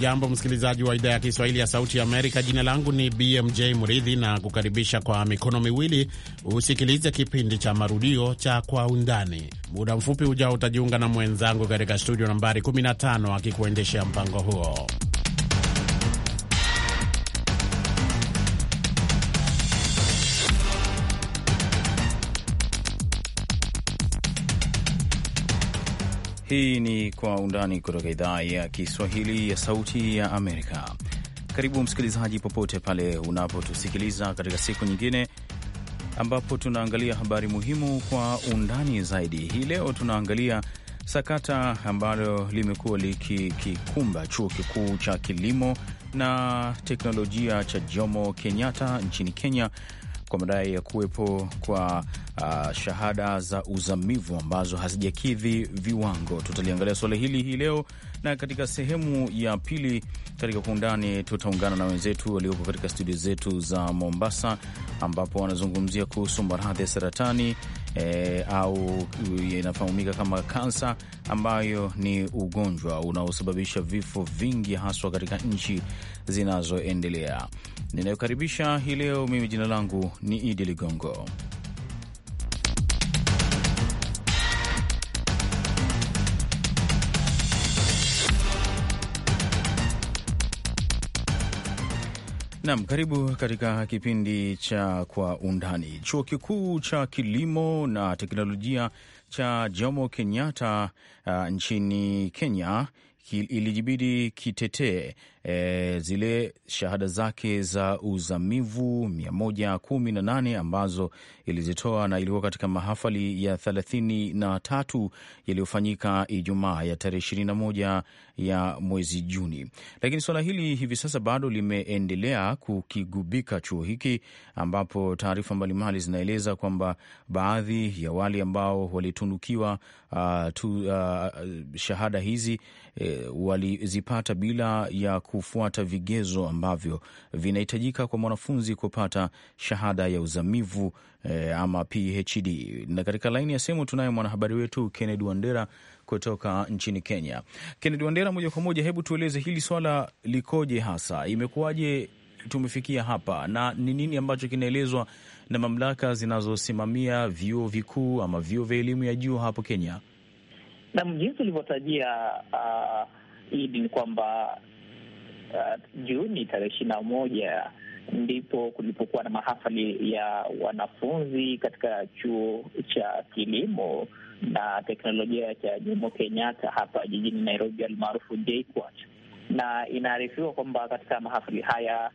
Hujambo msikilizaji wa idhaa ya Kiswahili ya Sauti ya Amerika. Jina langu ni BMJ Mridhi na kukaribisha kwa mikono miwili usikilize kipindi cha marudio cha Kwa Undani. Muda mfupi ujao utajiunga na mwenzangu katika studio nambari 15 akikuendeshea mpango huo. Hii ni Kwa Undani kutoka idhaa ya Kiswahili ya Sauti ya Amerika. Karibu msikilizaji, popote pale unapotusikiliza katika siku nyingine ambapo tunaangalia habari muhimu kwa undani zaidi. Hii leo tunaangalia sakata ambalo limekuwa likikikumba chuo kikuu cha kilimo na teknolojia cha Jomo Kenyatta nchini Kenya kwa madai ya kuwepo kwa uh, shahada za uzamivu ambazo hazijakidhi viwango. Tutaliangalia suala hili hii leo na katika sehemu ya pili katika kwa undani tutaungana na wenzetu waliopo katika studio zetu za Mombasa, ambapo wanazungumzia kuhusu maradhi ya saratani e, au inafahamika kama kansa, ambayo ni ugonjwa unaosababisha vifo vingi haswa katika nchi zinazoendelea. Ninayokaribisha hii leo mimi, jina langu ni Idi Ligongo. Nam, karibu katika kipindi cha Kwa Undani. Chuo Kikuu cha Kilimo na Teknolojia cha Jomo Kenyatta uh, nchini Kenya ilijibidi kitetee e, zile shahada zake za uzamivu 118 ambazo ilizitoa na ilikuwa katika mahafali ya 33 yaliyofanyika Ijumaa ya tarehe 21 ya mwezi Juni. Lakini suala hili hivi sasa bado limeendelea kukigubika chuo hiki, ambapo taarifa mbalimbali zinaeleza kwamba baadhi ya wale ambao walitunukiwa uh, tu, uh, shahada hizi e, walizipata bila ya kufuata vigezo ambavyo vinahitajika kwa mwanafunzi kupata shahada ya uzamivu e, ama PhD. Na katika laini ya simu tunaye mwanahabari wetu Kennedy Wandera kutoka nchini Kenya. Kennedy Wandera, moja kwa moja, hebu tueleze hili swala likoje, hasa imekuwaje tumefikia hapa na ni nini ambacho kinaelezwa na mamlaka zinazosimamia vyuo vikuu ama vyuo vya elimu ya juu hapo Kenya? Nam, jinsi ulivyotajia uh, Idi, ni kwamba uh, Juni tarehe ishirini na moja ndipo kulipokuwa na mahafali ya wanafunzi katika chuo cha kilimo na teknolojia cha Jomo Kenyatta hapa jijini Nairobi, almaarufu JKUAT, na inaarifiwa kwamba katika mahafali haya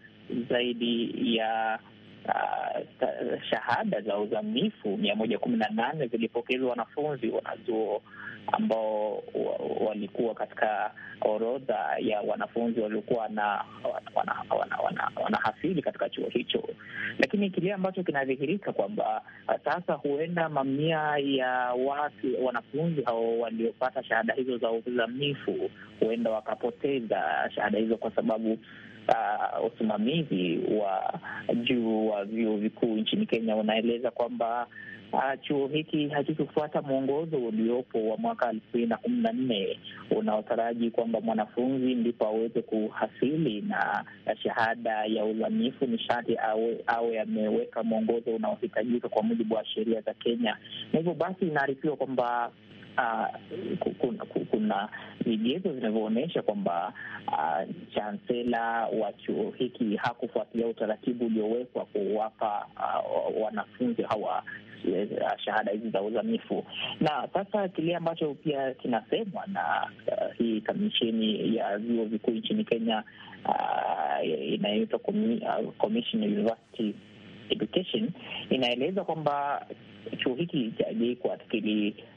zaidi ya uh, shahada za uzamifu mia moja kumi na nane zilipokezwa wanafunzi wanazuo ambao walikuwa katika orodha ya wanafunzi waliokuwa na wana, wana, wana, wanahasili katika chuo hicho, lakini kile ambacho kinadhihirika kwamba sasa huenda mamia ya watu wanafunzi hao waliopata shahada hizo za uzamifu huenda wakapoteza shahada hizo kwa sababu Uh, usimamizi wa juu wa vyuo vikuu nchini Kenya unaeleza kwamba uh, chuo hiki hakikufuata mwongozo uliopo wa mwaka elfu mbili na kumi na nne unaotaraji kwamba mwanafunzi ndipo aweze kuhasili na shahada ya uzamifu nishati awe, awe ameweka mwongozo unaohitajika kwa mujibu wa sheria za Kenya, na hivyo basi inaarifiwa kwamba Uh, kuna vigezo vinavyoonyesha kwamba uh, chansela wa chuo hiki hakufuatilia utaratibu uliowekwa kuwapa uh, wanafunzi hawa Eh, shahada hizi za uzamifu. Na sasa kile ambacho pia kinasemwa na uh, hii kamisheni ya vyuo vikuu nchini Kenya uh, inayoitwa ah, Commission University Education inaeleza kwamba chuo hiki cha JKUAT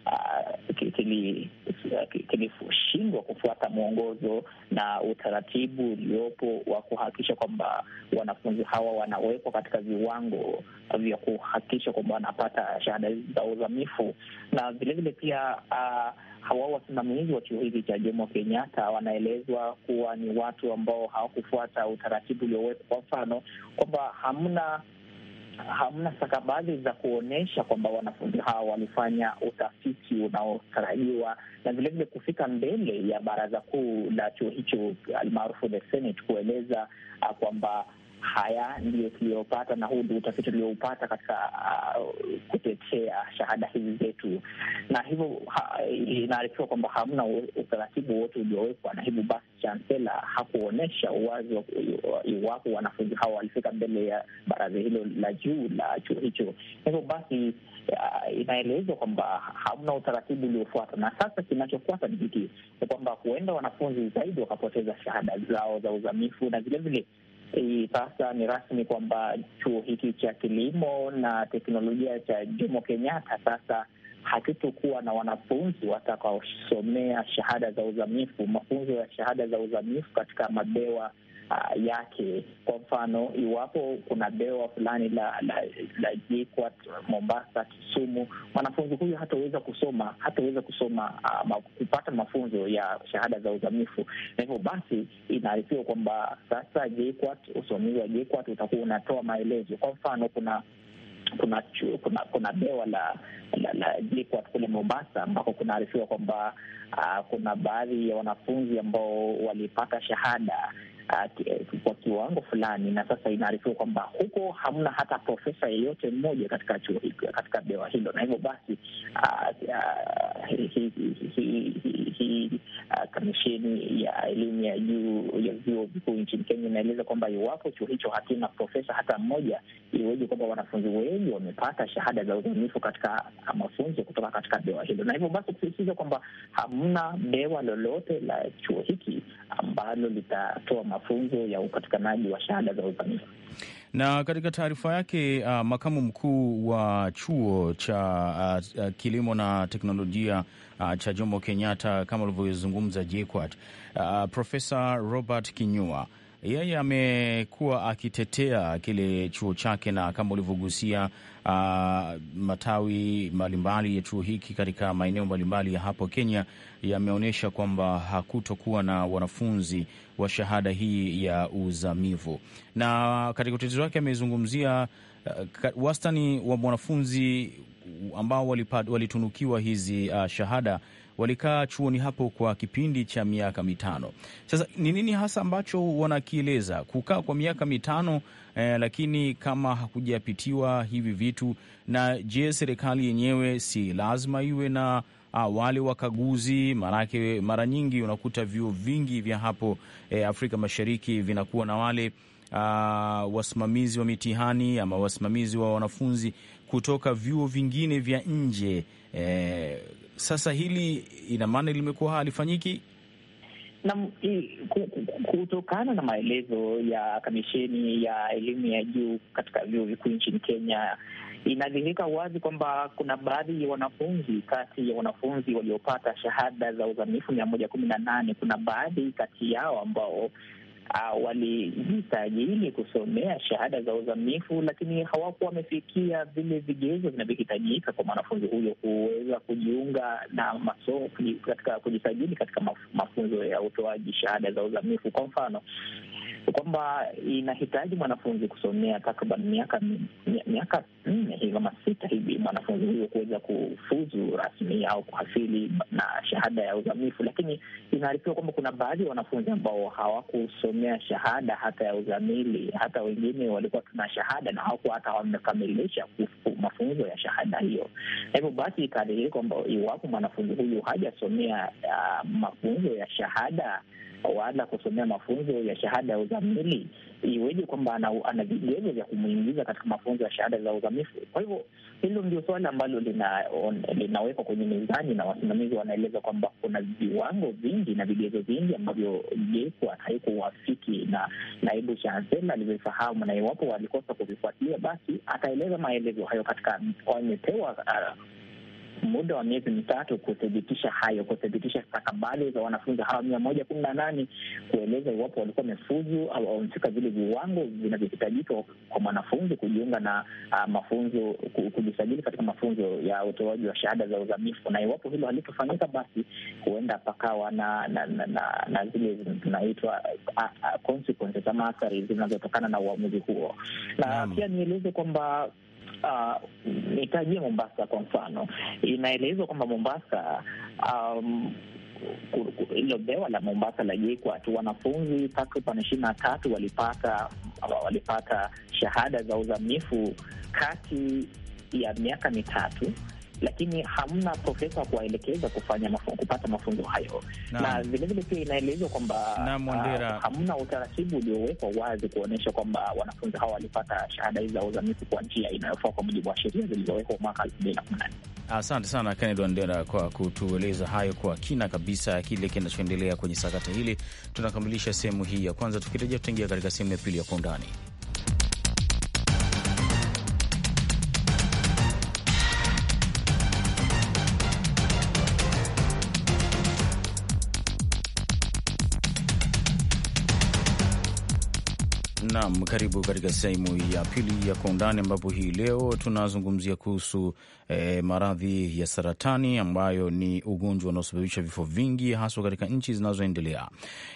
ah, ah, kilishindwa kufuata mwongozo na utaratibu uliopo wa kuhakikisha kwamba wanafunzi hawa wanawekwa katika viwango vya kuhakikisha kwamba wanapata shahada za uzamifu, na vilevile pia ah, hawa wasimamizi wa chuo hiki cha Jomo Kenyatta wanaelezwa kuwa ni watu ambao hawakufuata utaratibu uliowekwa, kwa mfano kwamba hamna hamna stakabadhi za kuonyesha kwamba wanafunzi hao walifanya utafiti unaotarajiwa na vilevile kufika mbele ya baraza kuu la chuo hicho almaarufu the Senate kueleza ah, kwamba Haya ndiyo tuliyopata, na huu ndio utafiti tulioupata katika uh, kutetea shahada hizi zetu, na hivyo inaarifiwa kwamba hamna utaratibu wote uliowekwa, na hivyo basi chansela hakuonyesha uwazi wa iwapo wanafunzi hao walifika mbele ya baraza hilo la juu la chuo hicho. Hivyo basi uh, inaelezwa kwamba hamna utaratibu uliofuata, na sasa kinachofuata ni hiki, ni kwamba huenda wanafunzi zaidi wakapoteza shahada zao za uzamifu na vilevile hii sasa ni rasmi kwamba chuo hiki cha kilimo na teknolojia cha Jomo Kenyatta sasa hakitokuwa na wanafunzi watakaosomea shahada za uzamifu, mafunzo ya shahada za uzamifu katika mabewa uh, yake. Kwa mfano, iwapo kuna bewa fulani la la, la JKUAT Mombasa, Kisumu, mwanafunzi huyu hataweza kusoma hataweza kusoma uh, kupata mafunzo ya shahada za uzamifu, na hivyo basi inaarifiwa kwamba sasa JKUAT, usimamizi wa JKUAT utakuwa unatoa maelezo. Kwa mfano, kuna kuna kuna kuna bewa la la, la JKUAT kule Mombasa ambako kunaarifiwa kwamba uh, kuna baadhi ya wanafunzi ambao walipata shahada uh, kwa kiwango fulani, na sasa inaarifiwa kwamba huko hamna hata profesa yeyote mmoja katika chuo hiki, katika bewa hilo, na hivyo basi uh, uh, hii uh, kamisheni ya elimu ya juu ya vyuo vikuu nchini Kenya inaeleza kwamba iwapo chuo hicho hakina profesa hata mmoja, iweje kwamba wanafunzi wengi wamepata shahada za uzamifu katika mafunzo kutoka katika bewa hilo, na hivyo basi kusisitiza kwamba hamna bewa lolote la chuo hiki ambalo litatoa mafunzo ya upatikanaji wa shahada za uzamili. Na katika taarifa yake uh, makamu mkuu wa chuo cha uh, uh, kilimo na teknolojia uh, cha Jomo Kenyatta kama ulivyozungumza JKUAT uh, Profesa Robert Kinyua yeye amekuwa akitetea kile chuo chake, na kama ulivyogusia uh, matawi mbalimbali ya chuo hiki katika maeneo mbalimbali ya hapo Kenya yameonyesha kwamba hakutokuwa na wanafunzi wa shahada hii ya uzamivu, na katika utetezi wake amezungumzia uh, wastani wa mwanafunzi ambao walitunukiwa hizi uh, shahada walikaa chuoni hapo kwa kipindi cha miaka mitano. Sasa ni nini hasa ambacho wanakieleza kukaa kwa miaka mitano eh, lakini kama hakujapitiwa hivi vitu? Na je, serikali yenyewe si lazima iwe na ah, wale wakaguzi? Maanake mara nyingi unakuta vyuo vingi vya hapo eh, Afrika Mashariki vinakuwa na wale Uh, wasimamizi wa mitihani ama wasimamizi wa wanafunzi kutoka vyuo vingine vya nje eh, sasa hili ina maana limekuwa halifanyiki na kutokana na maelezo ya kamisheni ya elimu ya juu katika vyuo vikuu nchini Kenya, inadhihirika wazi kwamba kuna baadhi ya wanafunzi kati ya wanafunzi waliopata shahada za uzamifu mia moja kumi na nane kuna baadhi kati yao ambao uh, kusomea shahada za uzamifu, lakini hawakuwa wamefikia vile vigezo vinavyohitajika kwa mwanafunzi huyo kuweza kujiunga na masomo katika kujisajili katika mafunzo ya utoaji shahada za uzamifu. Kwa mfano kwamba inahitaji mwanafunzi kusomea takriban miaka miaka nne hivi ama sita hivi, mwanafunzi huyo kuweza kufuzu rasmi au kuhasili na shahada ya uzamifu. Lakini inaarifiwa kwamba kuna baadhi ya wanafunzi ambao hawakusomea shahada hata ya uzamili, hata wengine walikuwa tuna shahada na hawakuwa hata wamekamilisha mafunzo ya shahada hiyo. Hivyo basi ikadhihiri kwamba iwapo mwanafunzi huyu hajasomea uh, mafunzo ya shahada wala kusomea mafunzo ya shahada ya uzamili, iweje kwamba ana, ana vigezo vya kumwingiza katika mafunzo ya shahada za uzamifu? Kwa hivyo hilo ndio suala ambalo linawekwa lina kwenye mizani, na wasimamizi wanaeleza kwamba kuna viwango vingi na vigezo vingi ambavyo JKUAT haikuwafiki, na naibu chansela alivyofahamu, na iwapo walikosa kuvifuatilia, basi ataeleza maelezo hayo katika wamepewa uh, muda wa miezi mitatu kuthibitisha hayo, kuthibitisha stakabadhi za wanafunzi hawa mia moja kumi na nane kueleza iwapo walikuwa wamefuzu au wamefika vile viwango vinavyohitajika kwa mwanafunzi kujiunga na uh, mafunzo, kujisajili katika mafunzo ya utoaji wa shahada za uzamifu. Na iwapo hilo halitofanyika, basi huenda pakawa na na, na, na, na zile zinaitwa ah, ah, consequences ama athari zinazotokana na uamuzi huo, na pia nieleze kwamba uh, Mombasa kwa mfano, inaelezwa kwamba Mombasa um, ilo bewa la Mombasa la JKUAT wanafunzi takriban ishirini na tatu walipata walipata shahada za uzamifu kati ya miaka mitatu lakini hamna profesa kuwaelekeza kufanya mafu, kupata mafunzo hayo na, na vilevile pia inaelezwa kwamba uh, hamna utaratibu uliowekwa wazi kuonyesha kwamba wanafunzi hawa walipata shahada hizi za uzamifu kwa njia inayofaa kwa mujibu wa sheria zilizowekwa mwaka elfu mbili na kumi na nne. Asante sana Kennedy Wandera kwa kutueleza hayo kwa kina kabisa kile kinachoendelea kwenye sakata hili. Tunakamilisha sehemu hii ya kwanza, tukirejea tutaingia katika sehemu ya pili ya kwa undani. Naam, karibu katika sehemu ya pili ya Kwa Undani, ambapo hii leo tunazungumzia kuhusu e, maradhi ya saratani ambayo ni ugonjwa unaosababisha vifo vingi haswa katika nchi zinazoendelea.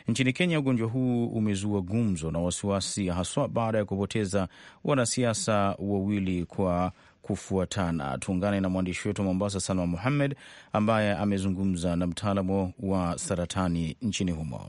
Nchini Kenya, ugonjwa huu umezua gumzo na wasiwasi, haswa baada ya kupoteza wanasiasa wawili kwa kufuatana. Tuungane na mwandishi wetu wa Mombasa, Salma Muhammed, ambaye amezungumza na mtaalamu wa saratani nchini humo.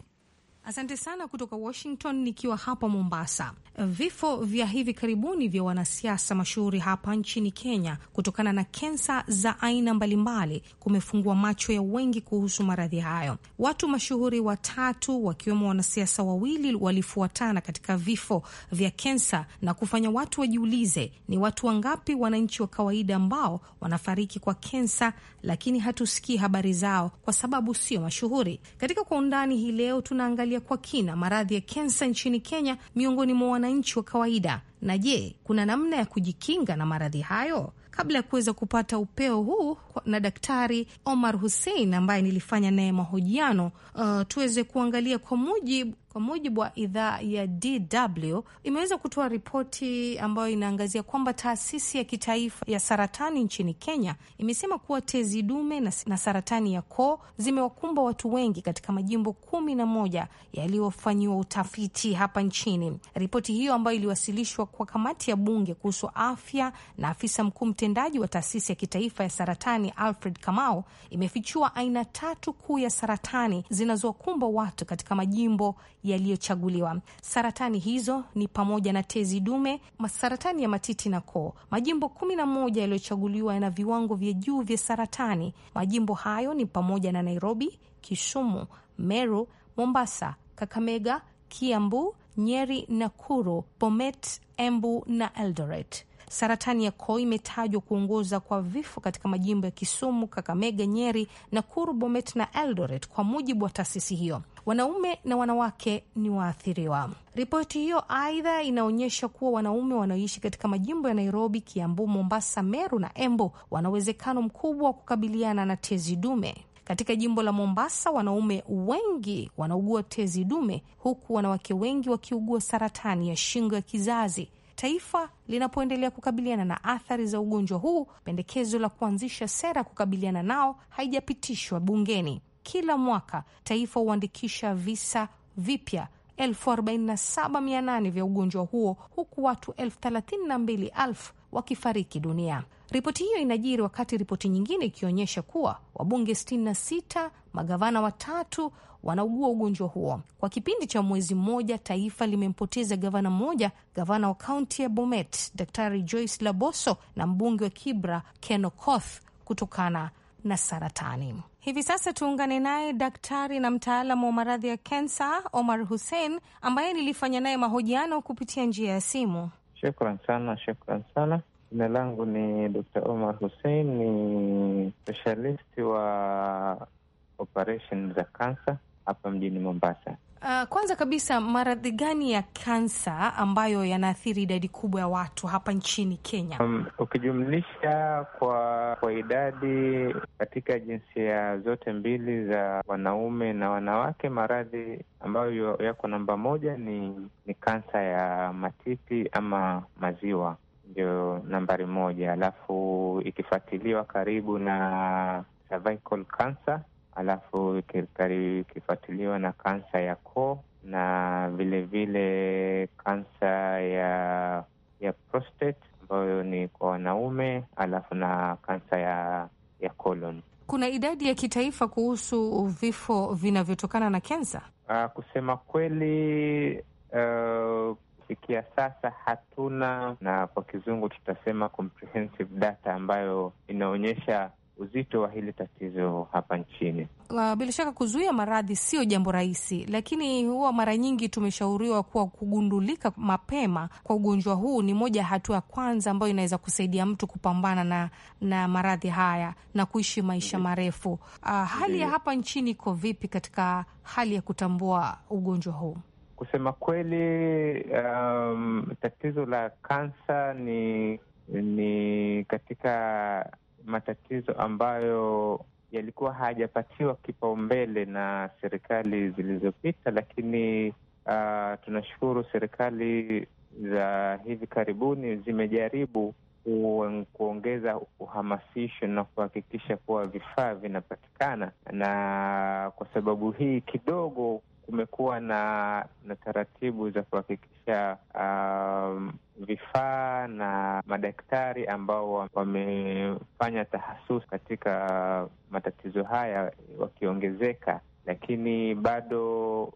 Asante sana kutoka Washington. Nikiwa hapa Mombasa, vifo vya hivi karibuni vya wanasiasa mashuhuri hapa nchini Kenya kutokana na kensa za aina mbalimbali kumefungua macho ya wengi kuhusu maradhi hayo. Watu mashuhuri watatu wakiwemo wanasiasa wawili walifuatana katika vifo vya kensa na kufanya watu wajiulize, ni watu wangapi wananchi wa kawaida ambao wanafariki kwa kensa, lakini hatusikii habari zao kwa sababu sio mashuhuri. Katika kwa undani hii leo tunaangalia kufuatilia kwa kina maradhi ya kensa nchini Kenya miongoni mwa wananchi wa kawaida, na je, kuna namna ya kujikinga na maradhi hayo? Kabla ya kuweza kupata upeo huu na Daktari Omar Hussein ambaye nilifanya naye mahojiano, uh, tuweze kuangalia kwa mujibu kwa mujibu wa idhaa ya DW imeweza kutoa ripoti ambayo inaangazia kwamba taasisi ya kitaifa ya saratani nchini Kenya imesema kuwa tezi dume na saratani ya koo zimewakumba watu wengi katika majimbo kumi na moja yaliyofanyiwa utafiti hapa nchini. Ripoti hiyo ambayo iliwasilishwa kwa kamati ya bunge kuhusu afya na afisa mkuu mtendaji wa taasisi ya kitaifa ya saratani Alfred Kamau imefichua aina tatu kuu ya saratani zinazowakumba watu katika majimbo yaliyochaguliwa. Saratani hizo ni pamoja na tezi dume, saratani ya matiti na koo. Majimbo kumi na moja yaliyochaguliwa yana viwango vya juu vya saratani. Majimbo hayo ni pamoja na Nairobi, Kisumu, Meru, Mombasa, Kakamega, Kiambu, Nyeri, Nakuru, Bomet, Embu na Eldoret. Saratani ya koo imetajwa kuongoza kwa vifo katika majimbo ya Kisumu, Kakamega, Nyeri, Nakuru, Bomet na Eldoret, kwa mujibu wa taasisi hiyo. Wanaume na wanawake ni waathiriwa. Ripoti hiyo aidha inaonyesha kuwa wanaume wanaoishi katika majimbo ya Nairobi, Kiambu, Mombasa, Meru na Embu wana uwezekano mkubwa wa kukabiliana na tezi dume. Katika jimbo la Mombasa, wanaume wengi wanaugua tezi dume, huku wanawake wengi wakiugua saratani ya shingo ya kizazi. Taifa linapoendelea kukabiliana na athari za ugonjwa huu, pendekezo la kuanzisha sera ya kukabiliana nao haijapitishwa bungeni kila mwaka taifa huandikisha visa vipya 47800 vya ugonjwa huo huku watu 32000 wakifariki dunia. Ripoti hiyo inajiri wakati ripoti nyingine ikionyesha kuwa wabunge 66 magavana watatu wanaugua ugonjwa huo. Kwa kipindi cha mwezi mmoja, taifa limempoteza gavana mmoja, gavana wa kaunti ya Bomet Daktari Joyce Laboso na mbunge wa Kibra Ken Okoth kutokana na saratani. Hivi sasa tuungane naye daktari na mtaalamu wa maradhi ya kensa Omar Hussein ambaye nilifanya naye mahojiano kupitia njia ya simu. Shukran sana, shukran sana. Jina langu ni Dr. Omar Hussein, ni spesialisti wa operation za kansa hapa mjini Mombasa. Uh, kwanza kabisa maradhi gani ya kansa ambayo yanaathiri idadi kubwa ya watu hapa nchini Kenya? Um, ukijumlisha kwa kwa idadi katika jinsia zote mbili za wanaume na wanawake, maradhi ambayo yako namba moja ni ni kansa ya matiti ama maziwa, ndio nambari moja, alafu ikifuatiliwa karibu na cervical cancer alafu ikifuatiliwa na kansa ya koo na vilevile kansa ya ya prostate ambayo ni kwa wanaume, alafu na kansa ya ya colon. Kuna idadi ya kitaifa kuhusu vifo vinavyotokana na kensa? Uh, kusema kweli eh, kufikia uh, sasa hatuna, na kwa kizungu tutasema comprehensive data ambayo inaonyesha uzito wa hili tatizo hapa nchini. Ah, bila shaka kuzuia maradhi sio jambo rahisi, lakini huwa mara nyingi tumeshauriwa kuwa kugundulika mapema kwa ugonjwa huu ni moja ya hatua ya kwanza ambayo inaweza kusaidia mtu kupambana na, na maradhi haya na kuishi maisha mm-hmm. marefu. Uh, hali ya mm-hmm. hapa nchini iko vipi katika hali ya kutambua ugonjwa huu? Kusema kweli, um, tatizo la kansa ni ni katika matatizo ambayo yalikuwa hayajapatiwa kipaumbele na serikali zilizopita, lakini uh, tunashukuru serikali za hivi karibuni zimejaribu kuongeza uhamasisho na kuhakikisha kuwa vifaa vinapatikana, na kwa sababu hii kidogo kumekuwa na, na taratibu za kuhakikisha um, vifaa na madaktari ambao wamefanya tahasusi katika matatizo haya wakiongezeka, lakini bado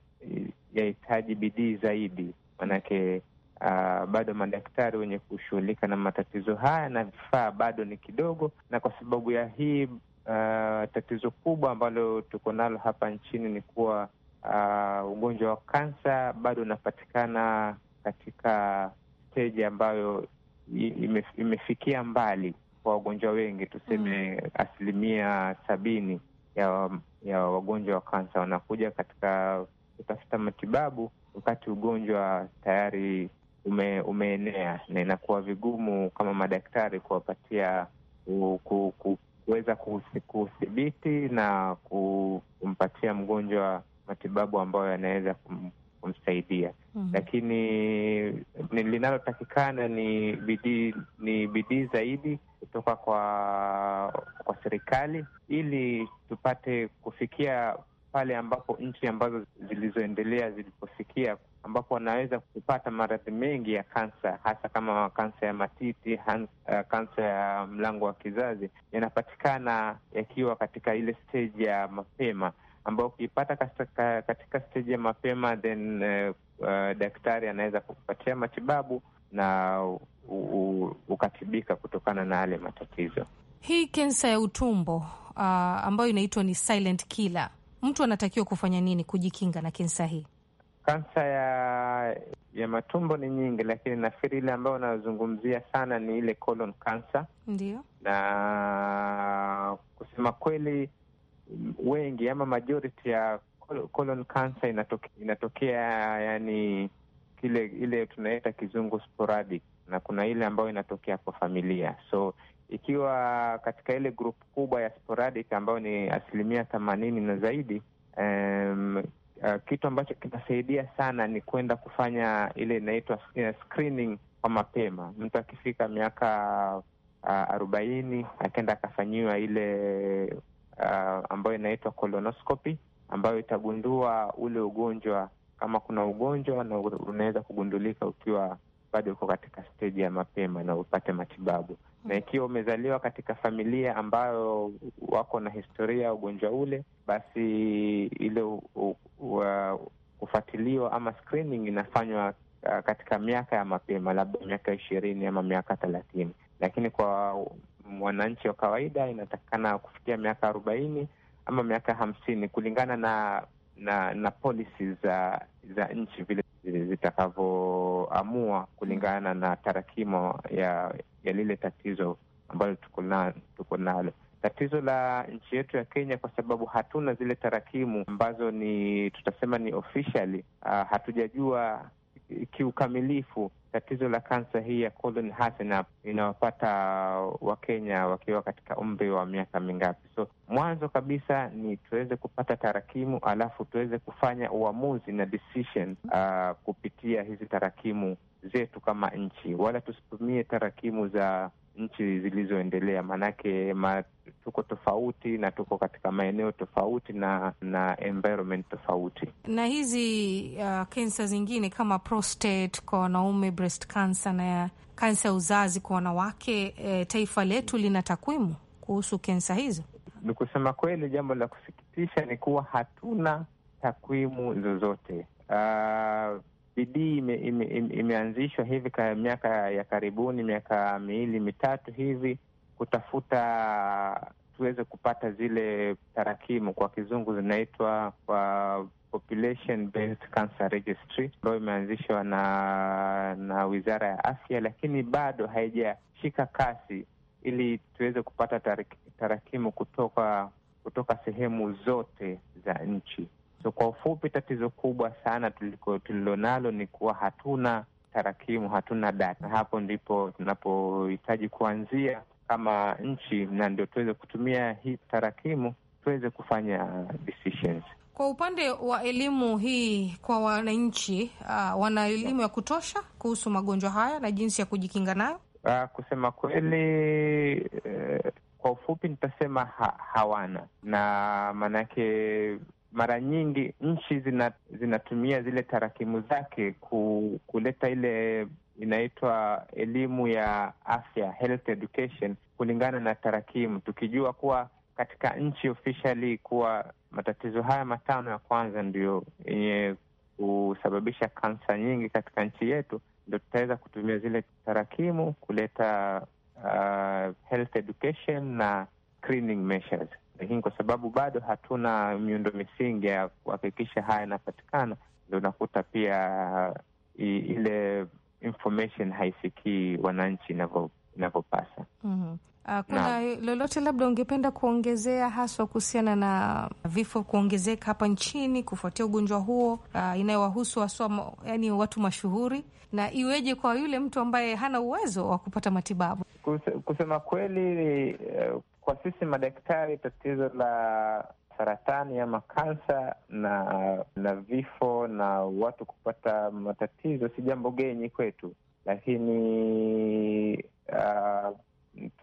yahitaji bidii zaidi, maanake Uh, bado madaktari wenye kushughulika na matatizo haya na vifaa bado ni kidogo, na kwa sababu ya hii uh, tatizo kubwa ambalo tuko nalo hapa nchini ni kuwa uh, ugonjwa wa kansa bado unapatikana katika steji ambayo ime, imefikia mbali kwa wagonjwa wengi, tuseme mm. asilimia sabini ya, ya wagonjwa wa kansa wanakuja katika kutafuta matibabu wakati ugonjwa tayari ume, umeenea na inakuwa vigumu kama madaktari kuwapatia kuweza kuhudhibiti na kumpatia mgonjwa matibabu ambayo yanaweza kum, kumsaidia mm. Lakini linalotakikana ni bidii ni bidii zaidi kutoka kwa kwa serikali ili tupate kufikia pale ambapo nchi ambazo zilizoendelea zilipofikia ambapo wanaweza kupata maradhi mengi ya kansa, hasa kama kansa ya matiti hans, uh, kansa ya mlango wa kizazi yanapatikana yakiwa katika ile steji ya mapema ambayo ukiipata katika steji ya mapema then uh, uh, daktari anaweza kukupatia matibabu na u, u, ukatibika kutokana na yale matatizo. Hii kensa ya utumbo uh, ambayo inaitwa ni silent killer, mtu anatakiwa kufanya nini kujikinga na kensa hii? Kansa ya ya matumbo ni nyingi, lakini nafikiri ile ambayo unazungumzia sana ni ile colon cancer. Ndio, na kusema kweli wengi ama majority ya colon cancer inatokea, inatokea yani kile ile tunaita kizungu sporadic, na kuna ile ambayo inatokea kwa familia. So ikiwa katika ile group kubwa ya sporadic ambayo ni asilimia themanini na zaidi, um, uh, kitu ambacho kinasaidia sana ni kwenda kufanya ile inaitwa screening kwa mapema. Mtu akifika miaka ah, arobaini akenda akafanyiwa ile uh, ambayo inaitwa colonoscopy ambayo itagundua ule ugonjwa kama kuna ugonjwa, na unaweza kugundulika ukiwa bado uko katika steji ya mapema na upate matibabu. Na hmm. ikiwa umezaliwa katika familia ambayo wako na historia ya ugonjwa ule, basi ile uh, kufuatiliwa ama screening inafanywa uh, katika miaka ya mapema, labda miaka ishirini ama miaka thelathini, lakini kwa mwananchi wa kawaida inatakikana kufikia miaka arobaini ama miaka hamsini kulingana na na na polisi za za nchi vile zitakavyoamua kulingana na tarakimo ya ya lile tatizo ambalo tuko nalo. Tatizo la nchi yetu ya Kenya, kwa sababu hatuna zile tarakimu ambazo ni tutasema ni officially, uh, hatujajua kiukamilifu tatizo la kansa hii ya colon inawapata Wakenya wakiwa katika umri wa miaka mingapi? So mwanzo kabisa ni tuweze kupata tarakimu, alafu tuweze kufanya uamuzi na decision, uh, kupitia hizi tarakimu zetu kama nchi, wala tusitumie tarakimu za nchi zilizoendelea, maanake ma, tuko tofauti na tuko katika maeneo tofauti na na environment tofauti. Na hizi uh, kensa zingine kama prostate kwa wanaume, breast cancer na kansa ya uzazi kwa wanawake, e, taifa letu lina takwimu kuhusu kensa hizo? Ni kusema kweli, jambo la kusikitisha ni kuwa hatuna takwimu zozote uh, bidii ime, ime, ime, imeanzishwa hivi ka miaka ya karibuni, miaka miwili mitatu hivi, kutafuta tuweze kupata zile tarakimu, kwa kizungu zinaitwa kwa Population Based Cancer Registry ambayo imeanzishwa na na Wizara ya Afya, lakini bado haijashika kasi ili tuweze kupata tarakimu kutoka kutoka sehemu zote za nchi. So kwa ufupi, tatizo kubwa sana tulilonalo ni kuwa hatuna tarakimu, hatuna data, na hapo ndipo tunapohitaji kuanzia kama nchi, na ndio tuweze kutumia hii tarakimu tuweze kufanya decisions. Kwa upande wa elimu hii kwa wananchi, uh, wana elimu ya kutosha kuhusu magonjwa haya na jinsi ya kujikinga nayo? Uh, kusema kweli, uh, kwa ufupi nitasema ha, hawana na maanake mara nyingi nchi zina, zinatumia zile tarakimu zake ku, kuleta ile inaitwa elimu ya afya health education, kulingana na tarakimu, tukijua kuwa katika nchi officially kuwa matatizo haya matano ya kwanza ndiyo yenye kusababisha kansa nyingi katika nchi yetu, ndo tutaweza kutumia zile tarakimu kuleta uh, health education na screening measures lakini kwa sababu bado hatuna miundo misingi ya kuhakikisha haya yanapatikana, ndo unakuta pia i, ile information haifikii wananchi inavyopasa. mm -hmm. Kuna na lolote labda ungependa kuongezea haswa kuhusiana na vifo kuongezeka hapa nchini kufuatia ugonjwa huo ah, inayowahusu haswa, yani watu mashuhuri, na iweje kwa yule mtu ambaye hana uwezo wa kupata matibabu? Kuse, kusema kweli uh, kwa sisi madaktari, tatizo la saratani ama kansa na na vifo na watu kupata matatizo si jambo genyi kwetu, lakini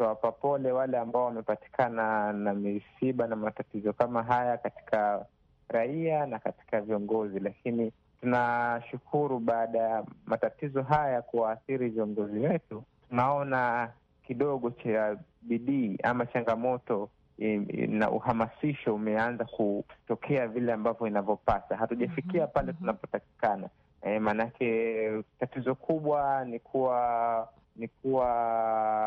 uh, pole wale ambao wamepatikana na misiba na matatizo kama haya katika raia na katika viongozi, lakini tunashukuru baada ya matatizo haya kuwaathiri viongozi wetu, tunaona kidogo cha bidii ama changamoto e, e, na uhamasisho umeanza kutokea vile ambavyo inavyopasa. Hatujafikia mm -hmm. pale mhm. tunapotakikana. E, maanake tatizo kubwa ni kuwa ni kuwa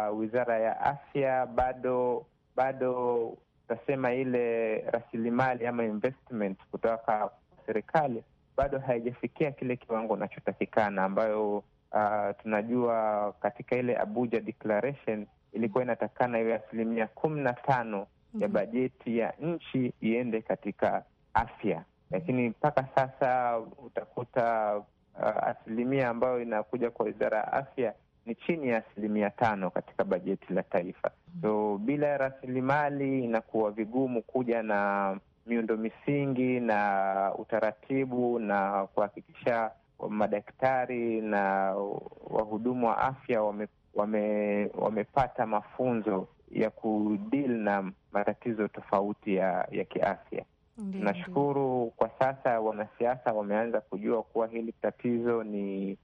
wizara ya afya bado bado utasema ile rasilimali ama investment kutoka serikali bado haijafikia kile kiwango unachotakikana, ambayo uh, tunajua katika ile Abuja Declaration ilikuwa inatakikana iwe asilimia kumi na tano ya mhm. bajeti ya nchi iende katika afya, lakini mpaka sasa utakuta uh, asilimia ambayo inakuja kwa wizara ya afya ni chini ya asilimia tano katika bajeti la taifa. Mhm. So bila rasilimali inakuwa vigumu kuja na miundo misingi na utaratibu na kuhakikisha madaktari na wahudumu wa afya wame, wame, wamepata mafunzo ya kudil na matatizo tofauti ya, ya kiafya. Nashukuru kwa sasa wanasiasa wameanza kujua kuwa hili tatizo ni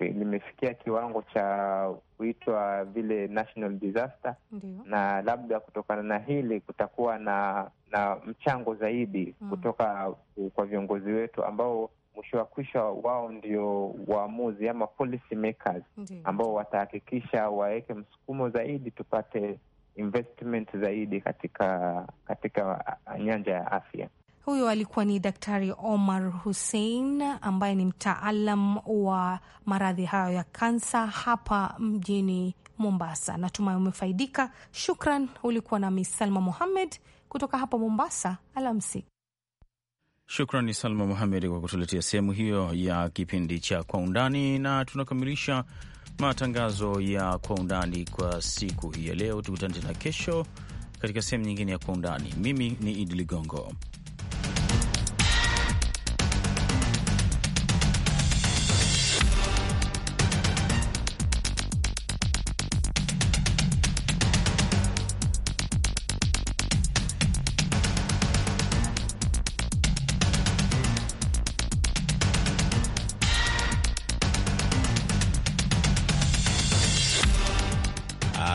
limefikia kiwango cha kuitwa vile national disaster. Ndiyo. Na labda kutokana na hili kutakuwa na na mchango zaidi mm, kutoka kwa viongozi wetu ambao mwisho wa kwisha wao ndio waamuzi ama policy makers ambao watahakikisha waweke msukumo zaidi tupate investment zaidi katika katika nyanja ya afya. Huyo alikuwa ni Daktari Omar Hussein ambaye ni mtaalam wa maradhi hayo ya kansa hapa mjini Mombasa. Natumai umefaidika. Shukran. Ulikuwa nami Salma muhammed kutoka hapa Mombasa. Alamsiki. Shukrani Salma Muhamedi kwa kutuletea sehemu hiyo ya kipindi cha Kwa Undani, na tunakamilisha matangazo ya Kwa Undani kwa siku hii ya leo. Tukutane tena kesho katika sehemu nyingine ya Kwa Undani. Mimi ni Idi Ligongo.